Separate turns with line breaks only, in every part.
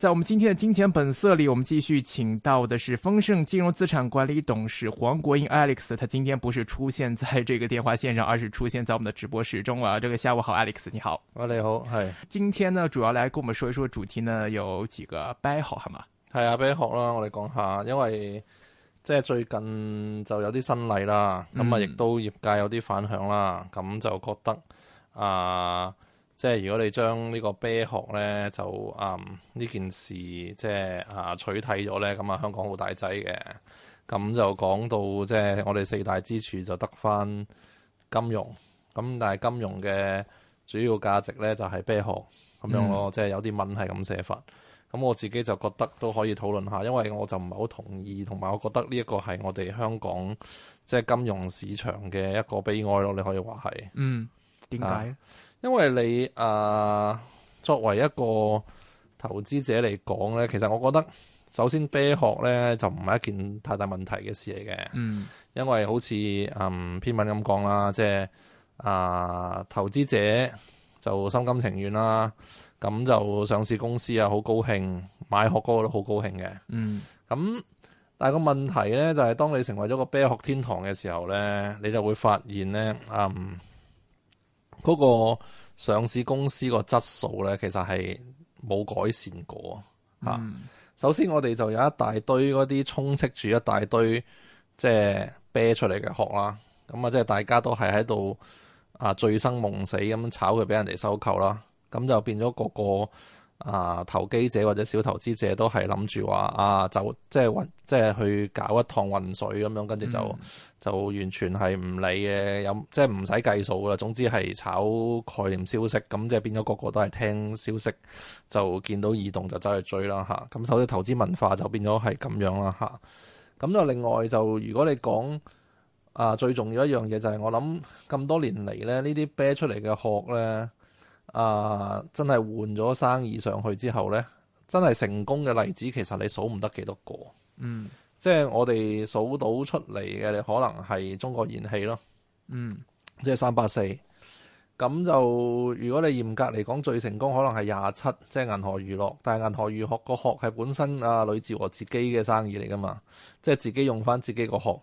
在我們今天的《金錢本色》裏，我們繼續請到的是豐盛金融資產管理董事黃國英 Alex。他今天不是出現在這個電話線上，而是出現在我們的直播室中啊，這個下午好，Alex，你好。喂，你好，係。今天呢，主要來跟我們說一說主題呢，有幾個啤殼，係咪？係啊，啤殼啦，我哋講一下，因為即係最近
就有啲新例啦，咁啊亦都業界有啲反響啦，咁就覺得啊。呃即係如果你將呢個啤殼咧，就嗯呢件事即係啊取締咗咧，咁啊香港好大劑嘅。咁就講到即係我哋四大支柱就得翻金融，咁但係金融嘅主要價值咧就係、是、啤殼咁樣咯，嗯、即係有啲問題咁寫法。咁我自己就覺得都可以討論下，因為我就唔係好同意，同埋我覺得呢一個係我哋香港即係金融市場嘅一個悲哀咯。你可以話係嗯點解？因為你啊、呃，作為一個投資者嚟講呢，其實我覺得首先啤殼呢就唔係一件太大問題嘅事嚟嘅、嗯。嗯。因為好似嗯篇文咁講啦，即係啊、呃，投資者就心甘情願啦，咁就上市公司啊好高興，買殼嗰個都好高興嘅。嗯。咁但係個問題呢，就係當你成為咗個啤殼天堂嘅時候呢，你就會發現呢。嗯。嗰個上市公司個質素咧，其實係冇改善過啊！嗯、首先我哋就有一大堆嗰啲充斥住一大堆即係啤出嚟嘅殼啦，咁啊即係大家都係喺度啊醉生夢死咁炒佢俾人哋收購啦，咁就變咗個個。啊！投機者或者小投資者都係諗住話啊，就即係混，即係去搞一趟混水咁樣，跟住就、嗯、就完全係唔理嘅，有即係唔使計數噶啦。總之係炒概念、消息，咁即係變咗個個都係聽消息，就見到異動，就走去追啦吓，咁、啊、所以投資文化就變咗係咁樣啦吓，咁、啊、就另外就如果你講啊，最重要的一樣嘢就係、是、我諗咁多年嚟咧，這些來呢啲啤出嚟嘅殼咧。啊！真係換咗生意上去之後咧，真係成功嘅例子其實你數唔得幾多個。嗯，即係我哋數到出嚟嘅，你可能係中國燃氣咯。嗯，即係三八四。咁就如果你嚴格嚟講最成功，可能係廿七，即係銀河娛樂。但係銀河娛樂個殼係本身啊，呂志和自己嘅生意嚟㗎嘛，即係自己用返自己個殼，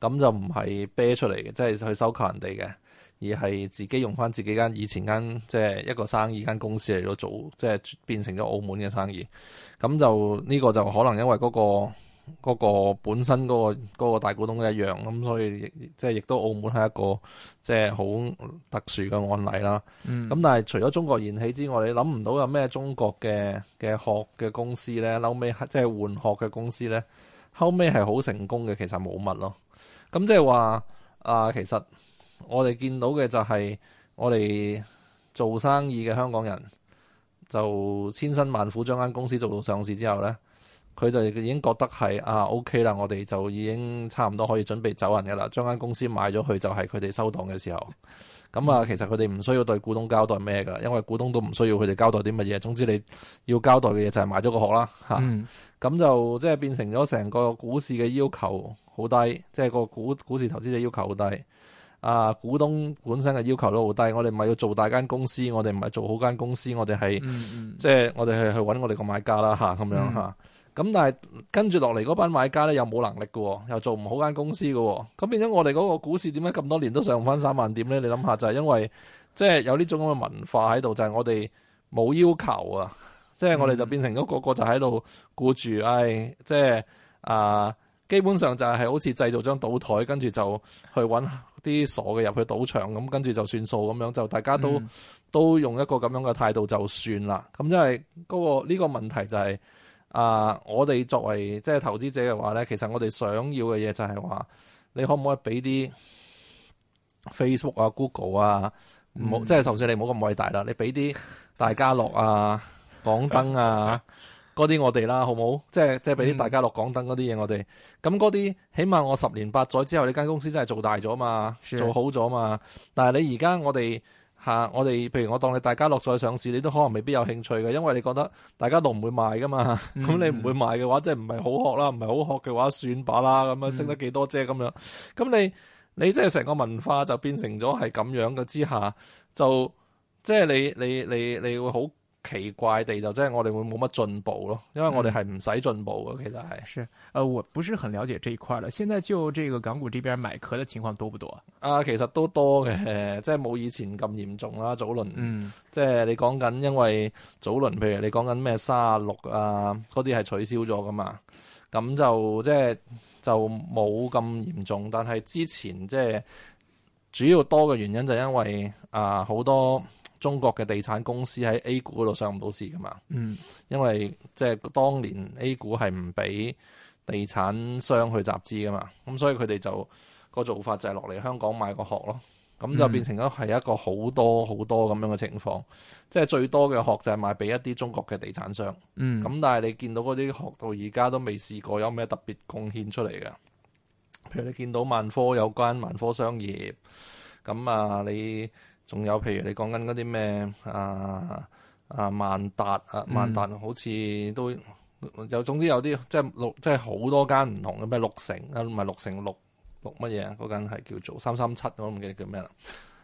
咁就唔係啤出嚟嘅，即係去收購人哋嘅。而係自己用翻自己間以前間即係一個生意間公司嚟到做，即、就、係、是、變成咗澳門嘅生意。咁就呢、這個就可能因為嗰、那個嗰、那個、本身嗰、那個嗰、那個、大股東一樣咁，所以即係亦都澳門係一個即係好特殊嘅案例啦。咁、嗯、但係除咗中國燃氣之外，你諗唔到有咩中國嘅嘅殼嘅公司咧？後尾即係換殼嘅公司咧，後尾係好成功嘅。其實冇乜咯。咁即係話啊，其實。我哋見到嘅就係我哋做生意嘅香港人，就千辛萬苦將間公司做到上市之後呢，佢就已經覺得係啊 OK 啦。我哋就已經差唔多可以準備走人嘅啦。將間公司買咗去就係佢哋收檔嘅時候。咁啊，其實佢哋唔需要對股東交代咩噶，因為股東都唔需要佢哋交代啲乜嘢。總之你要交代嘅嘢就係買咗個殼啦嚇。咁、嗯啊、就即係變成咗成個股市嘅要求好低，即、就、係、是、個股股市投資嘅要求好低。啊！股東本身嘅要求都好低，我哋唔係要做大間公司，我哋唔係做好間公司，我哋係即係我哋係去揾我哋個買家啦。吓、啊，咁樣吓，咁、嗯啊，但係跟住落嚟嗰班買家咧又冇能力嘅，又做唔好間公司嘅。咁、啊、變咗我哋嗰個股市點解咁多年都上唔翻三萬點咧？你諗下就係、是、因為即係、就是、有呢種咁嘅文化喺度，就係、是、我哋冇要求啊，即係、嗯、我哋就變成咗個個就喺度顧住，唉、哎，即、就、係、是、啊，基本上就係係好似製造張賭檯，跟住就去揾。啲傻嘅入去賭場咁，跟住就算數咁樣，就大家都、嗯、都用一個咁樣嘅態度就算啦。咁因為嗰個呢個問題就係、是、啊、呃，我哋作為即係投資者嘅話咧，其實我哋想要嘅嘢就係話，你可唔可以俾啲 Facebook 啊、Google 啊，唔好、嗯、即係就算你唔好咁偉大啦，你俾啲大家樂啊、港燈啊。嗯嗯嗰啲我哋啦，好唔好？即係即係俾啲大家樂港燈嗰啲嘢我哋。咁嗰啲，起碼我十年八載之後，呢間公司真係做大咗嘛，是做好咗嘛。但係你而家我哋、啊、我哋譬如我當你大家樂再上市，你都可能未必有興趣嘅，因為你覺得大家樂唔會賣噶嘛。咁、嗯、 你唔會賣嘅話，即係唔係好學啦？唔係好學嘅話算，算把啦。咁樣識得幾多啫咁樣。咁、嗯、你你即係成個文化就變成咗係咁樣嘅之下，就即係你你你你會好。奇怪地就即、是、係我哋會冇乜進步
咯，因為我哋係唔使進步嘅，嗯、其實係。誒，我不是很了解這一塊啦。現在就這個港股這邊買殼的情況多唔多
啊？啊，其實都多嘅，即係冇以前咁嚴重啦。早輪，嗯，即係你講緊因為早輪，譬如你講緊咩三啊六啊嗰啲係取消咗噶嘛，咁就即係就冇咁嚴重。但係之前即係主要多嘅原因就因為啊好多。中國嘅地產公司喺 A 股嗰度上唔到市噶嘛？嗯，因為即係、就是、當年 A 股係唔俾地產商去集資噶嘛，咁所以佢哋就、嗰個做法就係落嚟香港買個殼咯，咁就變成咗係一個好多好多咁樣嘅情況，嗯、即係最多嘅殼就係買俾一啲中國嘅地產商。嗯，咁但係你見到嗰啲殼到而家都未試過有咩特別貢獻出嚟嘅，譬如你見到萬科有關萬科商業，咁啊你。仲有譬如你講緊嗰啲咩啊、啊萬達啊，萬達好似都有，總之有啲即係，六即係好多間唔同嘅咩，六成啊，唔係六成六六乜嘢嗰間係叫做三三七，我唔記得叫咩啦，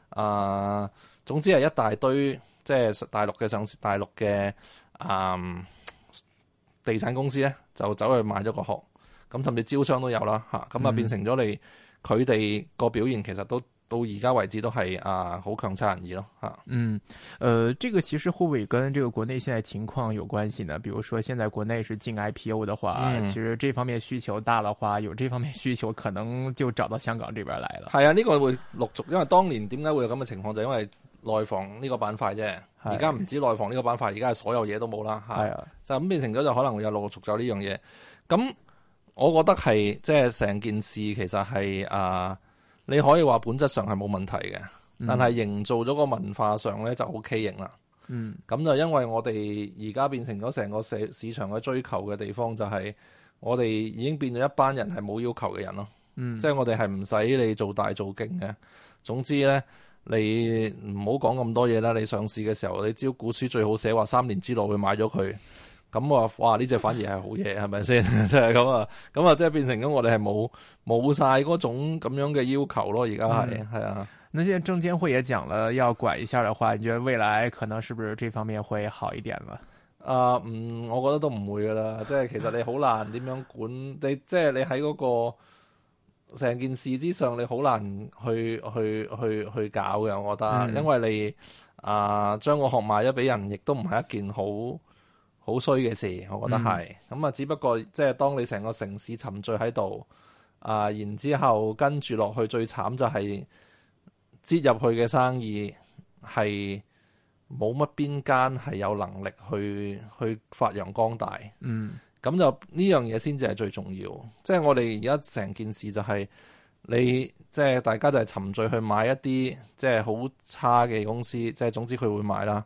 啊總之係一大堆，即係大陸嘅上市，大陸嘅、啊、地產公司咧，就走去買咗個殼，咁甚至招商都有啦，咁啊就變成咗你佢哋個表現其實都。到而家為止都係啊，好強差人意咯
吓。嗯，誒、呃，這個其實會唔會跟這個國內現在情況有關係呢？比如說，現在國內是禁 IPO 的話，嗯、其實這方面需求大的話，有這方面需求，可能就找到香港這邊來了。係、嗯、啊、呢、這個會陸續，因為當年點解會有咁嘅情況， 就因為
內房呢個板塊啫。而家唔止內房呢個板塊，而家係所有嘢都冇啦。係啊，是啊，就咁變成咗就可能會有陸續有呢樣嘢。咁、嗯、我覺得係即係成件事其實係啊。呃你可以話本質上係冇問題嘅，但係營造咗個文化上咧就好畸形啦。嗯，咁就因為我哋而家變成咗成個市市場嘅追求嘅地方，就係我哋已經變咗一班人係冇要求嘅人咯。嗯，即係我哋係唔使你做大做勁嘅。總之咧，你唔好講咁多嘢啦。你上市嘅時候，你招股書最好寫話三年之內去買咗佢。咁我哇呢隻反而係好嘢，係咪先？即係咁啊，咁啊，即係變成咗我哋係冇冇晒
嗰種咁樣嘅要求咯。而家係係啊。那現在證監會也講了要管一下的話，你覺得未來可能是不是這方面會好一點啦
啊，嗯、呃，我覺得都唔會噶啦。即、就、係、是、其實你好難點樣管， 你即係、就是、你喺嗰、那個成件事之上，你好難去去去去搞嘅。我覺得，嗯、因為你啊，將、呃、個殼賣咗俾人，亦都唔係一件好。好衰嘅事，我覺得係咁啊！嗯、只不過即係當你成個城市沉醉喺度啊，然之後跟住落去，最慘就係、是、接入去嘅生意係冇乜邊間係有能力去去發揚光大。嗯，咁就呢樣嘢先至係最重要。即係我哋而家成件事就係、是、你即係大家就係沉醉去買一啲即係好差嘅公司，即係總之佢會買啦。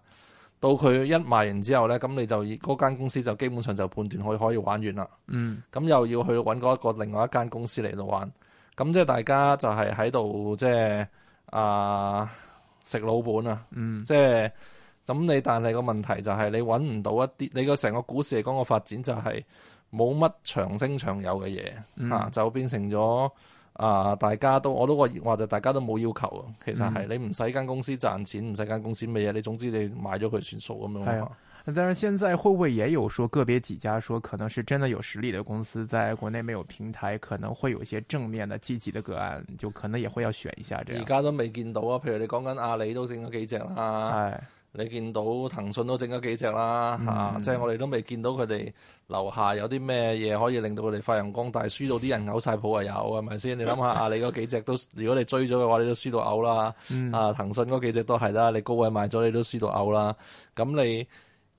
到佢一賣完之後咧，咁你就嗰間公司就基本上就判斷佢可以玩完啦。嗯，咁又要去搵嗰一個另外一間公司嚟到玩，咁即係大家就係喺度即係啊食老本啊。嗯，即係咁你，但係個問題就係你搵唔到一啲，你個成個股市嚟講個發展就係冇乜長升長有嘅嘢、嗯啊、就變成咗。啊，大家都我都話話就大家都冇要求，其實係你唔使間公司賺錢，唔使
間公司乜嘢，你總之你買咗佢算數咁樣但係現在會不會也有說個別幾家說可能是真的有實力的公司在國內沒有平台，可能會有一些正面的積極的個案，就可能也會要選一下這樣。而
家都未見到啊，譬如你講緊阿里都整咗幾隻啦，係唉你見到騰訊都整咗幾隻啦，吓、嗯，即係、啊就是、我哋都未見到佢哋樓下有啲咩嘢可以令到佢哋發揚光大，輸到啲人嘔晒譜啊有係咪先？你諗下阿里嗰幾隻都，如果你追咗嘅話，你都輸到嘔啦，嗯、啊騰訊嗰幾隻都係啦，你高位賣咗你都輸到嘔啦，咁、嗯啊、你，你，你。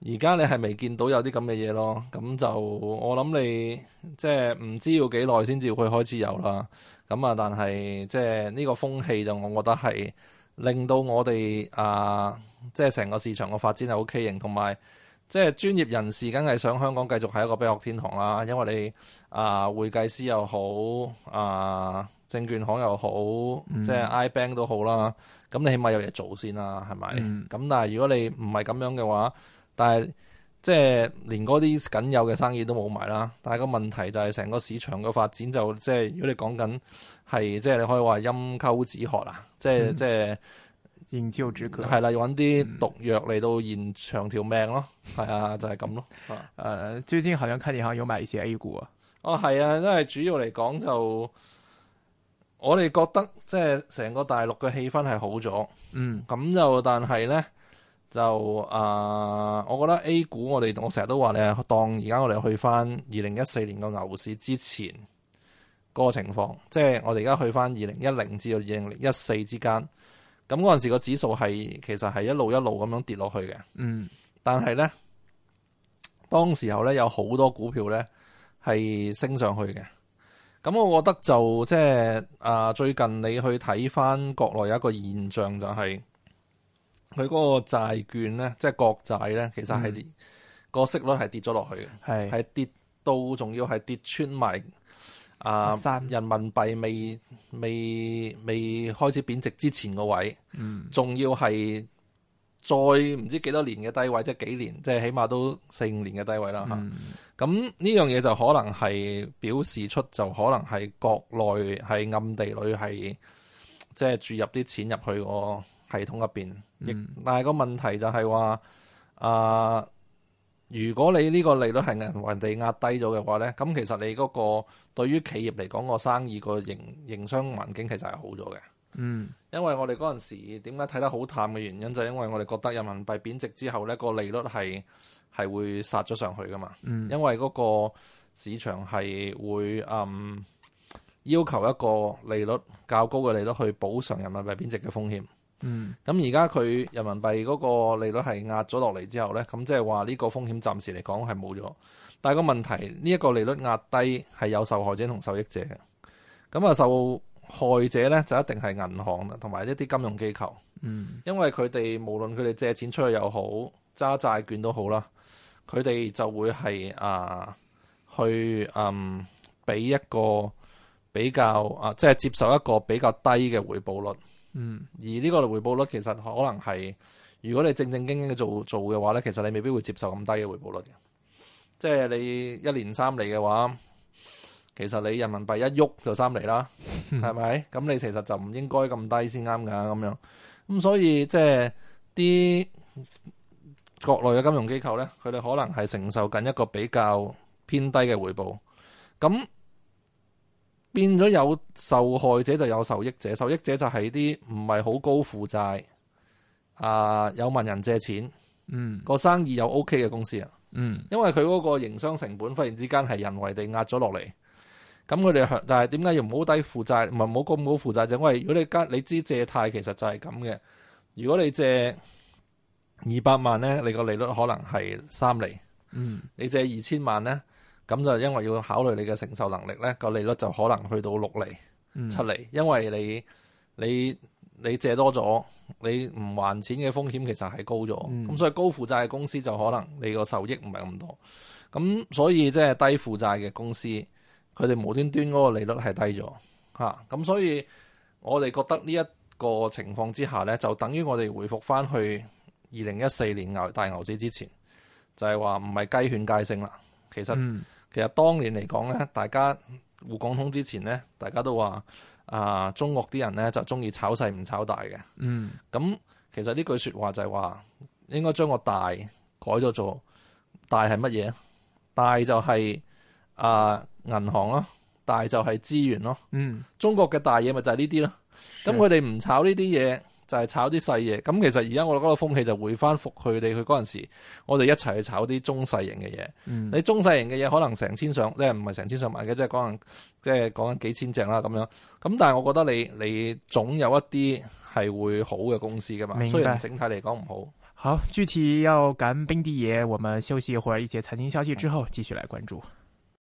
而家你係未見到有啲咁嘅嘢咯，咁就我諗你即係唔知要幾耐先至會開始有啦。咁啊，但係即係呢個風氣就我覺得係令到我哋啊、呃，即係成個市場個發展係 O K 型，同埋即係專業人士梗係想香港繼續係一個啤殼天堂啦。因為你啊、呃、會計師又好啊、呃、證券行又好，嗯、即係 I bank 都好啦。咁你起碼有嘢做先啦，係咪？咁、嗯、但係如果你唔係咁樣嘅話，但係即係連嗰啲僅有嘅生意都冇埋啦，但係個問題就係成個市場嘅發展就即係如果你講緊係即係你可以話飲鴆止渴啦，即係、嗯、即係延招主角係啦，揾啲毒藥嚟到延長條命咯，係啊、嗯，就係、是、咁咯。誒、 呃，
最近好像近年係要買啲 A 股啊，
哦係啊，因為主要嚟講就我哋覺得即係成個大陸嘅氣氛係好咗，嗯，咁就但係咧。就啊、呃，我覺得 A 股我哋我成日都話咧，當而家我哋去翻，二零一四年個牛市之前個情況，即係我哋而家去翻二零一零至到二零一四之間，咁嗰陣時個指數係其實係一路一路咁樣跌落去嘅。嗯，但係咧，當時候咧有好多股票咧係升上去嘅。咁我覺得就即係啊、呃，最近你去睇翻國內有一個現象就係、是。佢嗰個債券咧，即係國債咧，其實係、嗯、個息率係跌咗落去嘅，係是跌到，仲要係跌穿埋啊、呃、山人民幣未未未開始貶值之前個位，嗯，仲要係再唔知幾多年嘅低位，即係幾年，即係起碼都四五年嘅低位啦吓。咁呢樣嘢就可能係表示出，就可能係國內係暗地裏係即係注入啲錢入去個系統入邊，嗯、但係個問題就係話啊，如果你呢個利率係人人哋壓低咗嘅話咧，咁其實你嗰、嗰個對於企業嚟講個生意個營營商環境其實係好咗嘅。嗯，因為我哋嗰陣時點解睇得好淡嘅原因，嗯、就因為我哋覺得人民幣貶值之後咧，個利率係係會殺咗上去㗎嘛嗯。嗯，因為嗰個市場係會嗯要求一個利率較高嘅利率去補償人民幣貶值嘅風險。嗯，咁而家佢人民幣嗰個利率係壓咗落嚟之後咧，咁即係話呢個風險暫時嚟講係冇咗，但係個問題呢，一個利率壓低係有受害者同受益者嘅，咁啊受害者咧就一定係銀行同埋一啲金融機構，嗯，因為佢哋無論佢哋借錢出去又好，揸債券都好啦，佢哋就會係啊、呃、去嗯俾一個比較啊即係接受一個比較低嘅回報率。嗯，而呢個回報率其實可能係，如果你正正經經嘅做做嘅話咧，其實你未必會接受咁低嘅回報率嘅，即係你一年三釐嘅話，其實你人民幣一喐就三釐啦，係咪？ 咁你其實就唔應該咁低先啱㗎，咁樣。咁所以即係啲國內嘅金融機構咧，佢哋可能係承受緊一個比較偏低嘅回報，咁。變咗有受害者就有受益者，受益者就係啲唔係好高負債啊，有問人借錢，嗯，個生意又 OK 嘅公司啊，嗯，因為佢嗰個營商成本忽然之間係人為地壓咗落嚟，咁佢哋但係點解要唔好低負債，唔係唔好咁高負債就喂，因為如果你家你知借貸其實就係咁嘅，如果你借二百萬咧，你個利率可能係三厘，嗯，你借二千萬咧？咁就因為要考慮你嘅承受能力，呢個利率就可能去到六厘、嗯、七厘。因為你你你借多咗，你唔還錢嘅風險其實係高咗。咁、嗯、所以高負債嘅公司就可能你個收益唔係咁多。咁所以即係低負債嘅公司，佢哋無端端嗰個利率係低咗吓。咁、啊、所以我哋覺得呢一個情況之下，呢就等於我哋回復返去二零一四年牛大牛市之前，就係話唔係雞犬皆升啦，其實。嗯其實當年嚟講咧，大家滬港通之前咧，大家都話啊，中國啲人咧就中意炒細唔炒大嘅。嗯，咁其實呢句說話就係話，應該將個大改咗做大係乜嘢？大就係、是、啊銀行咯，大就係資源咯。嗯，中國嘅大嘢咪就係呢啲咯。咁佢哋唔炒呢啲嘢。就係炒啲細嘢，咁其實而家我嗰個風氣就回翻覆佢哋，佢嗰陣時我哋一齊去炒啲中細型嘅嘢。嗯、你中細型嘅嘢可能成千上，即係唔係成千上萬嘅，即係可能即係講緊幾千隻啦咁樣。咁但係我覺得你你總有一啲係會好嘅公司噶嘛。明白。雖然整體嚟講唔好。
好，具體要講邊啲嘢，我們休息或者一會，一節財經消息之後繼續來關注。嗯